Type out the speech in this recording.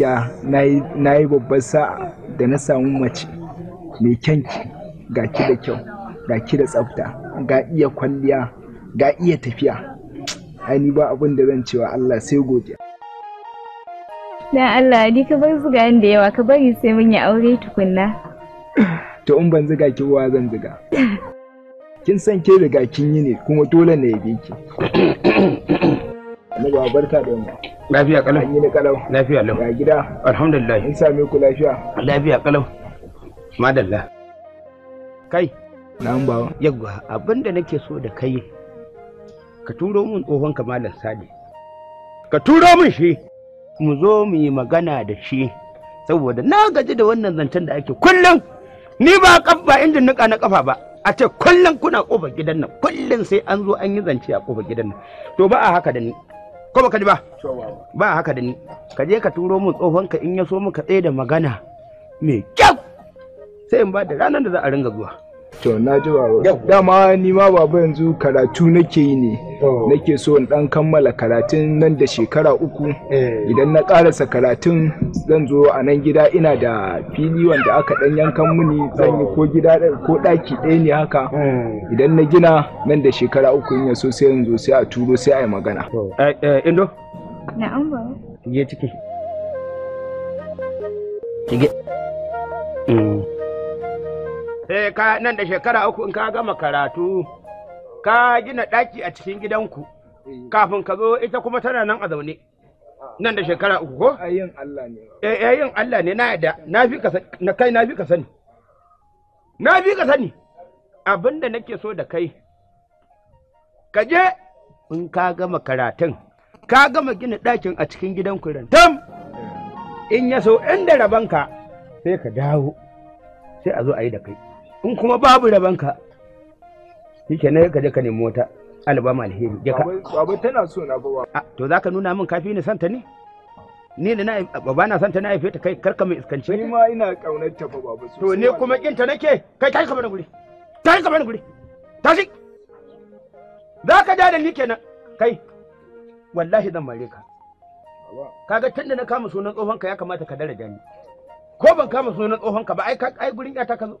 gaskiya na yi babbar sa'a da na samu mace mai kyanki ga ki da kyau ga ki da tsafta ga iya kwalliya ga iya tafiya ni ba abin da zan cewa Allah sai godiya dan Allah ni ka bar zuga da yawa ka bari sai mun yi aure tukunna to in ban zuga ki wa zan zuga kin san ke riga kin yi ne kuma dole ne ya bi Annabawa barka da yamma. Lafiya kalau. An yi ni kalau. Lafiya lau. Ya gida. Alhamdulillah. In same ku lafiya. Lafiya kalau. Madalla. Kai. Na'am bawa. Yagwa da nake so da kai ka turo min tsohon kamalan sadi. Ka turo min shi. Mu zo mu yi magana da shi. Saboda na gaji da wannan zancen da ake kullum ni ba kafa inda nika na kafa ba a ce kullum kuna kofa gidan nan kullum sai an zo an yi zance a kofa gidan nan to ba a haka da ni ko baka ji ba ba haka da ni ka je ka turo mun tsohon ka in ya so muka tsaye da magana mai kyau sai in ba da ranar da za a ringa zuwa To na ji ba dama ni ma baba yanzu karatu nake yi ne nake so in dan kammala karatun nan da shekara uku eh. idan na karasa karatun zan zo a nan gida ina da fili wanda aka dan yankan muni zan yi ko gida ko daki ɗaya ne haka hmm. idan na gina nan da shekara uku in yaso sai yanzu sai a turo sai a yi magana. Eh, eh, Indo? Na'am ba. Je ciki. Shige. eh ka nan da shekara uku in ka gama karatu ka gina ɗaki a cikin gidanku eh. kafin ka zo ita kuma tana nan a zaune nan da shekara uku ko ayin Allah ne eh, eh yin Allah ne na yadda na fi ka na kai na fi ka sani na fi ka sani abinda nake so da kai ka je in ka gama karatun ka gama gina ɗakin a cikin gidanku, ran tam in ya so inda rabanka sai ka dawo sai a zo a yi da kai in kuma babu rabanka shi ke na ka je ka nemi wata albam alheri je ka babu tana so na bawa ah, to za ka nuna min kafi ni santa ne ni da na baba na santa na haife ta kai karka mai iskance ni ma ina kaunar ta baba sosai to ne kuma kin ta nake kai tashi ka bani guri tashi ka bani guri tashi za da da ni kenan kai wallahi zan mare ka kaga tunda na kama sunan tsohon ka ya kamata ka daraja ni ko ban kama sunan tsohon ka ba ai ai gurin ya ta ka zo